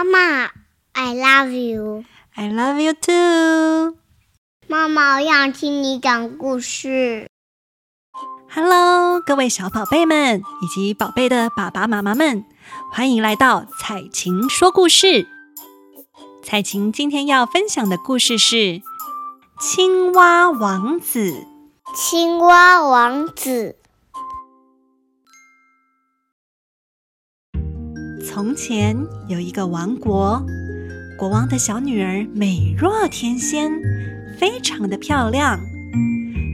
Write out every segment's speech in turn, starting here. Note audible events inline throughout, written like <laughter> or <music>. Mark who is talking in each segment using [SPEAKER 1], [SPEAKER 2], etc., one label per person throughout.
[SPEAKER 1] 媽媽，I love you. I love you too. 媽媽，我想聽你講故事。Hello，各位小寶貝們以及寶貝的爸爸媽媽們，歡迎來到采晴說故事。采晴今天要分享的故事是《青蛙王子》。青蛙王子。從前有一個王國，國王的小女兒美若天仙，非常的漂亮。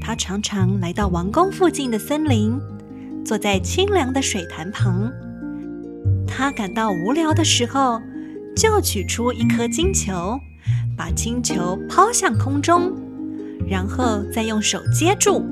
[SPEAKER 1] 她常常來到王宮附近的森林，坐在清涼的水潭旁。她感到無聊的時候，就取出一顆金球，把金球拋向空中，然後再用手接住。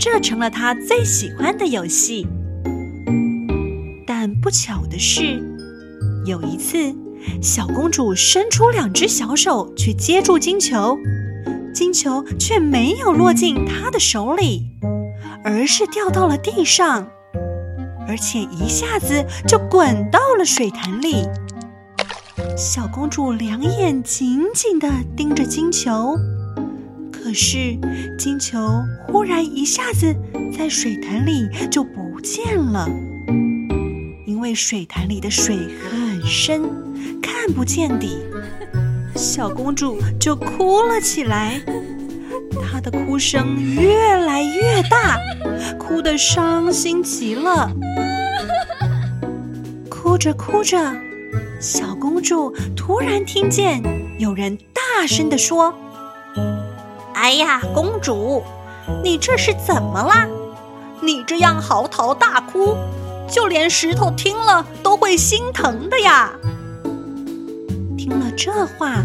[SPEAKER 1] 這成了她最喜歡的遊戲。不巧的是，有一次，小公主伸出兩隻小手去接住金球，金球卻沒有落進她的手裡，而是掉到了地上，而且一下子就滾到了水潭裡。小公主兩眼緊緊地盯着金球，可是金球忽然一下子在水潭裡就不見了。水潭裡的水很深，看不見底，小公主就哭了起來，她的哭聲越來越大，哭得傷心極了。哭着哭着，小公主突然聽見有人大聲地說：“哎呀，公主，你這是怎麼啦？你這樣嚎啕大哭。”就連石頭聽了都會心疼的呀！聽了這話，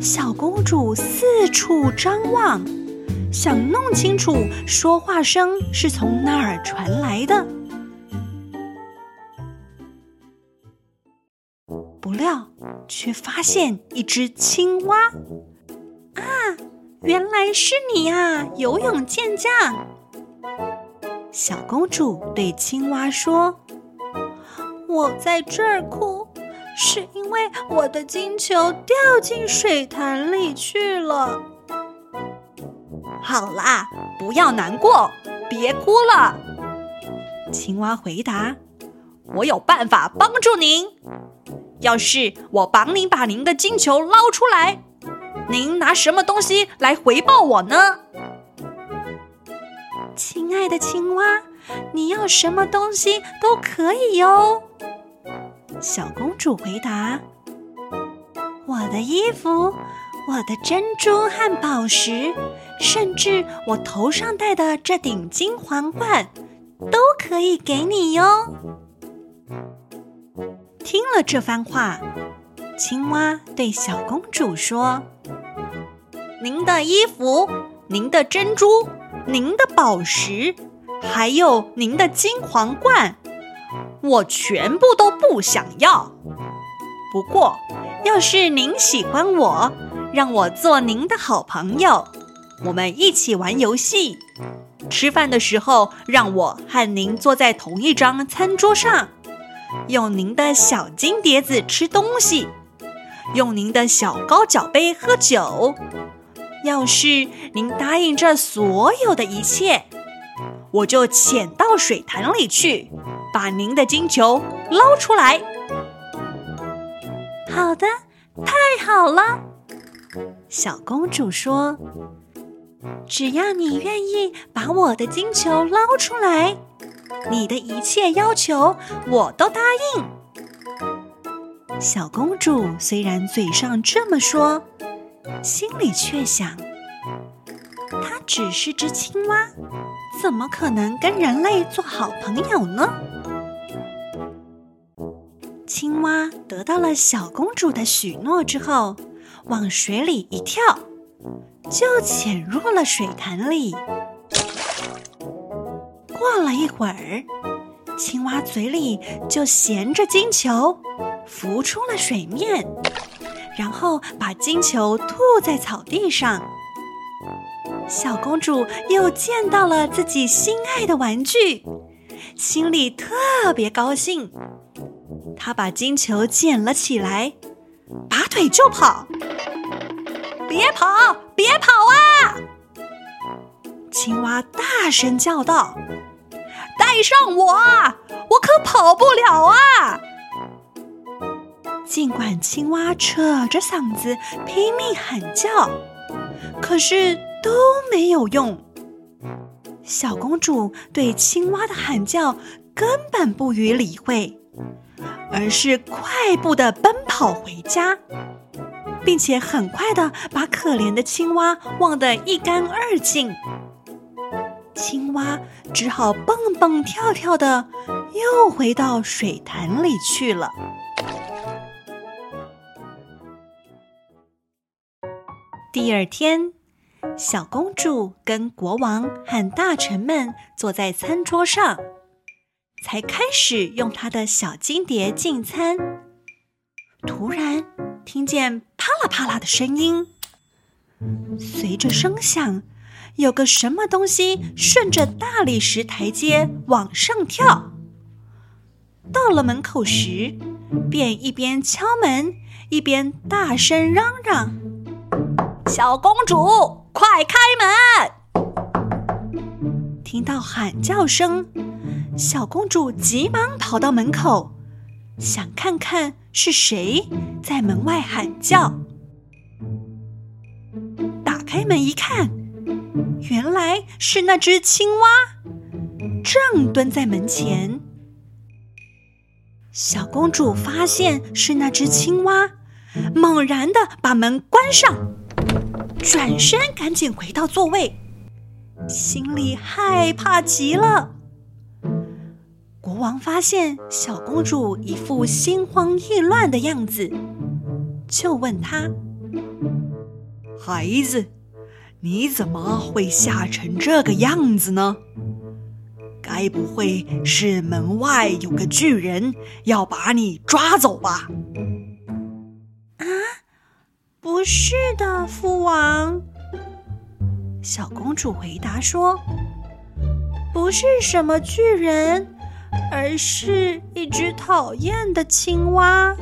[SPEAKER 1] 小公主四處張望，想弄清楚說話聲是從哪兒傳來的。不料，卻發現一隻青蛙。啊，原來是你呀、啊，游泳健將！小公主對青蛙說：“我在這兒哭，是因為我的金球掉進水潭裡去了。”好啦，不要難過，別哭了。青蛙回答：“我有辦法幫助您。要是我幫您把您的金球撈出來，您拿什麼東西來回報我呢？”親愛的青蛙，你要什麼東西都可以喲。小公主回答：“我的衣服、我的珍珠和寶石，甚至我頭上戴的這頂金皇冠，都可以給你喲。”聽了這番話，青蛙對小公主說：“您的衣服，您的珍珠。”您的寶石，還有您的金皇冠，我全部都不想要。不過，要是您喜歡我，讓我做您的好朋友，我們一起玩遊戲，吃飯的時候讓我和您坐在同一張餐桌上，用您的小金碟子吃東西，用您的小高腳杯喝酒。要是您答應這所有的一切，我就潛到水潭裡去，把您的金球撈出來。好的，太好了。小公主說：“只要你願意把我的金球撈出來，你的一切要求我都答應。”小公主雖然嘴上這麼說。心裡卻想：“它只是隻青蛙，怎麼可能跟人類做好朋友呢？”青蛙得到了小公主的許諾之後，往水裡一跳，就潛入了水潭裡。過了一會兒，青蛙嘴裡就銜着金球，浮出了水面。然後把金球吐在草地上，小公主又見到了自己心愛的玩具，心裡特別高興。她把金球撿了起來，拔腿就跑。別跑，別跑啊！青蛙大聲叫道：“帶上我，我可跑不了啊！”儘管青蛙扯着嗓子拼命喊叫，可是都沒有用。小公主對青蛙的喊叫根本不予理會，而是快步的奔跑回家，並且很快的把可憐的青蛙忘得一乾二淨。青蛙只好蹦蹦跳跳的又回到水潭裡去了。第二天，小公主跟國王和大臣們坐在餐桌上，才開始用她的小金碟進餐。突然，聽見啪啦啪啦的聲音，隨着聲響，有個什麼東西順着大理石台階往上跳。到了門口時，便一邊敲門，一邊大聲嚷嚷。小公主，快開門！聽到喊叫聲，小公主急忙跑到門口，想看看是誰在門外喊叫。打開門一看，原來是那隻青蛙，正蹲在門前。小公主發現是那隻青蛙，猛然的把門關上。轉身趕緊回到座位，心裡害怕極了。國王發現小公主一副心慌意亂的樣子，就問她：“孩子，你怎麼會嚇成這個樣子呢？該不會是門外有個巨人要把你抓走吧？”不是的，父王。”小公主回答說，“不是什麼巨人，而是一隻討厭的青蛙。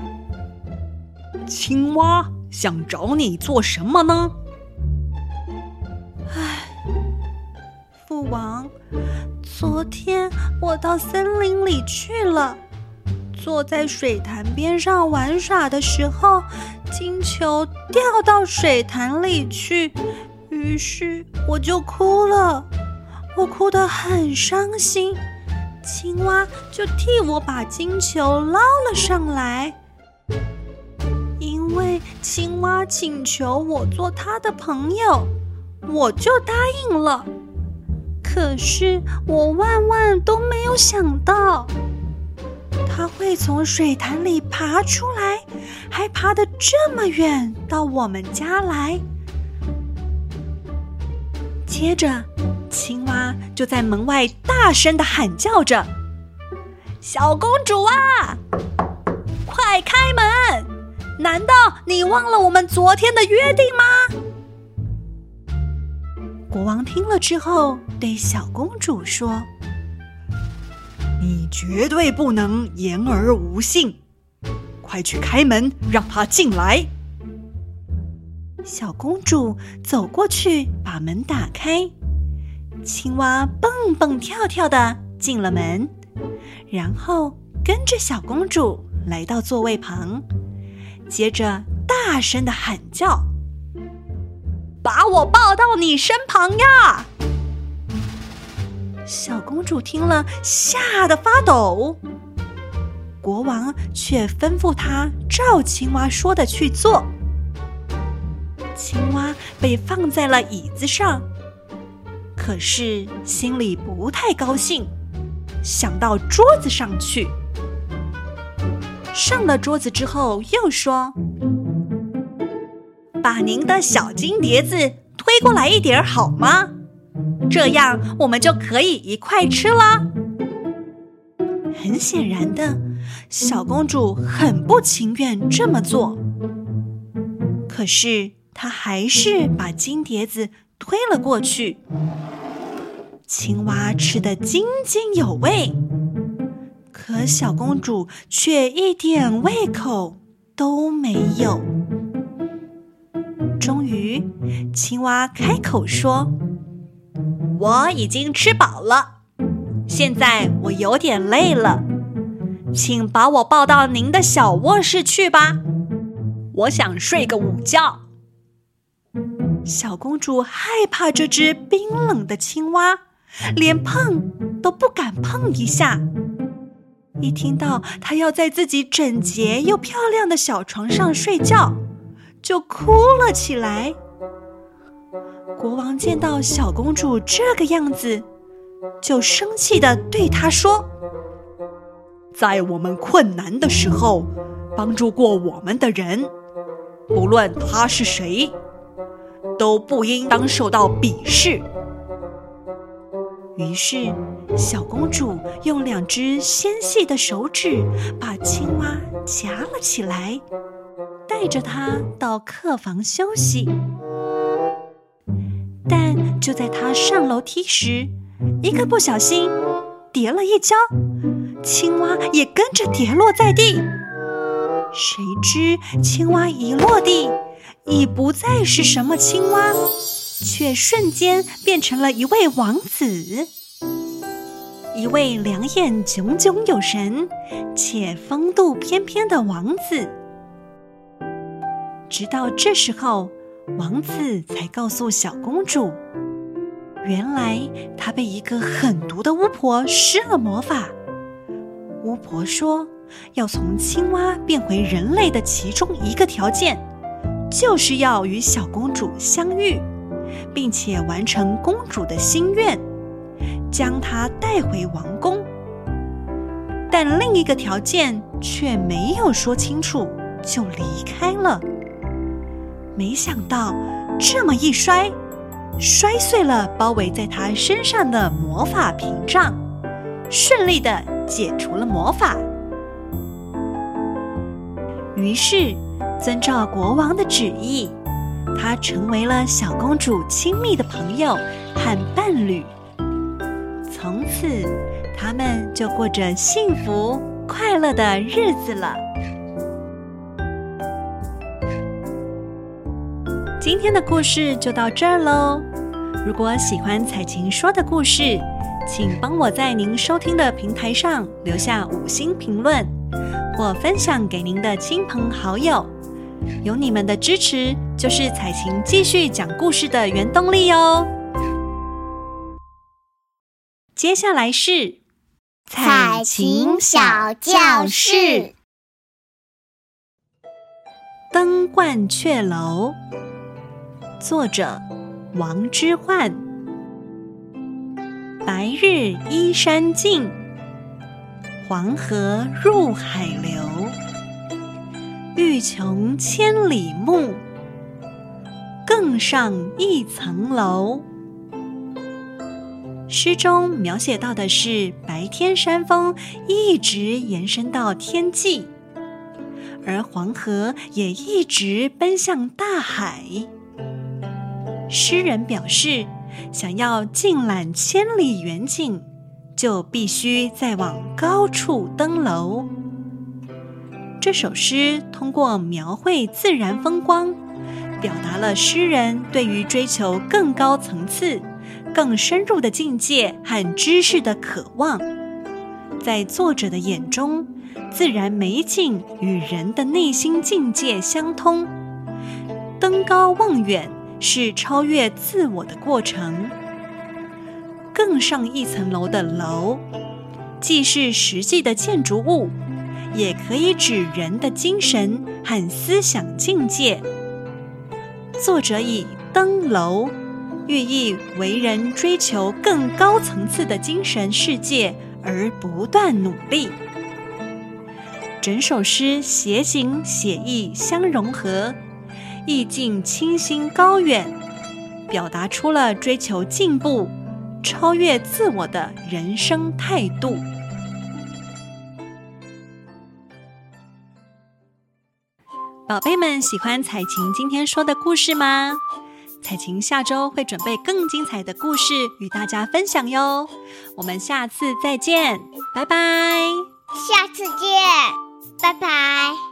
[SPEAKER 1] 青蛙想找你做什麼呢？唉，父王，昨天我到森林裡去了。”坐在水潭邊上玩耍的時候，金球掉到水潭裡去，於是我就哭了，我哭得很傷心。青蛙就替我把金球撈了上來，因為青蛙請求我做它的朋友，我就答應了。可是我萬萬都沒有想到。它會從水潭裡爬出來，還爬得這麼遠到我們家來。接着，青蛙就在門外大聲地喊叫着：“ <noise> 小公主啊， <noise> 快開門！難道你忘了我們昨天的約定嗎？”國王聽了之後，對小公主說。你絕對不能言而無信，快去開門，讓她進來。小公主走過去，把門打開。青蛙蹦蹦跳跳的進了門，然後跟着小公主來到座位旁，接着大聲的喊叫：“把我抱到你身旁呀！”小公主聽了，嚇得發抖。國王卻吩咐她照青蛙說的去做。青蛙被放在了椅子上，可是心裡不太高興，想到桌子上去。上了桌子之後，又說：“把您的小金碟子推過來一點兒，好嗎？”這樣我們就可以一塊吃了。很顯然的，小公主很不情願這麼做，可是她還是把金碟子推了過去。青蛙吃得津津有味，可小公主卻一點胃口都沒有。終於，青蛙開口說。我已經吃飽了，現在我有點累了，請把我抱到您的小臥室去吧，我想睡個午覺。小公主害怕這只冰冷的青蛙，連碰都不敢碰一下，一聽到牠要在自己整潔又漂亮的小床上睡覺，就哭了起來。國王見到小公主這個樣子，就生氣地對她說：“在我們困難的時候，幫助過我們的人，不論他是誰，都不應當受到鄙視。”於是，小公主用兩隻纖細的手指把青蛙夾了起來，帶着它到客房休息。但就在他上樓梯時，一個不小心，跌了一跤，青蛙也跟着跌落在地。誰知青蛙一落地，已不再是什麼青蛙，卻瞬間變成了一位王子，一位兩眼炯炯有神且風度翩翩的王子。直到這時候。王子才告訴小公主，原來他被一個狠毒的巫婆施了魔法。巫婆說，要從青蛙變回人類的其中一個條件，就是要與小公主相遇，並且完成公主的心願，將他帶回王宮。但另一個條件卻沒有說清楚，就離開了。沒想到，這麼一摔，摔碎了包圍在他身上的魔法屏障，順利的解除了魔法。於是，遵照國王的旨意，他成為了小公主親密的朋友和伴侶。從此，他們就過着幸福快樂的日子了。今天的故事就到這兒嘍。如果喜歡采晴說的故事，請幫我在您收聽的平台上留下五星評論，或分享給您的親朋好友。有你們的支持，就是采晴繼續講故事的原動力哦。接下來是采晴小教室，《登鸛雀樓》。作者王之渙，《白日依山盡，黃河入海流。欲窮千里目，更上一層樓。》詩中描寫到的是白天山峰一直延伸到天際，而黃河也一直奔向大海。詩人表示，想要盡覽千里遠景，就必須再往高處登樓。這首詩通過描繪自然風光，表達了詩人對於追求更高層次、更深入的境界和知識的渴望。在作者的眼中，自然美景與人的內心境界相通，登高望遠。是超越自我的過程，更上一層樓的“樓”，既是實際的建築物，也可以指人的精神和思想境界。作者以登樓，寓意為人追求更高層次的精神世界而不斷努力。整首詩寫景寫意相融合。意境清新高遠，表達出了追求進步、超越自我的人生態度。寶貝們，喜歡采晴今天說的故事嗎？采晴下週會準備更精彩的故事與大家分享喲。我們下次再見，拜拜。下次見，拜拜。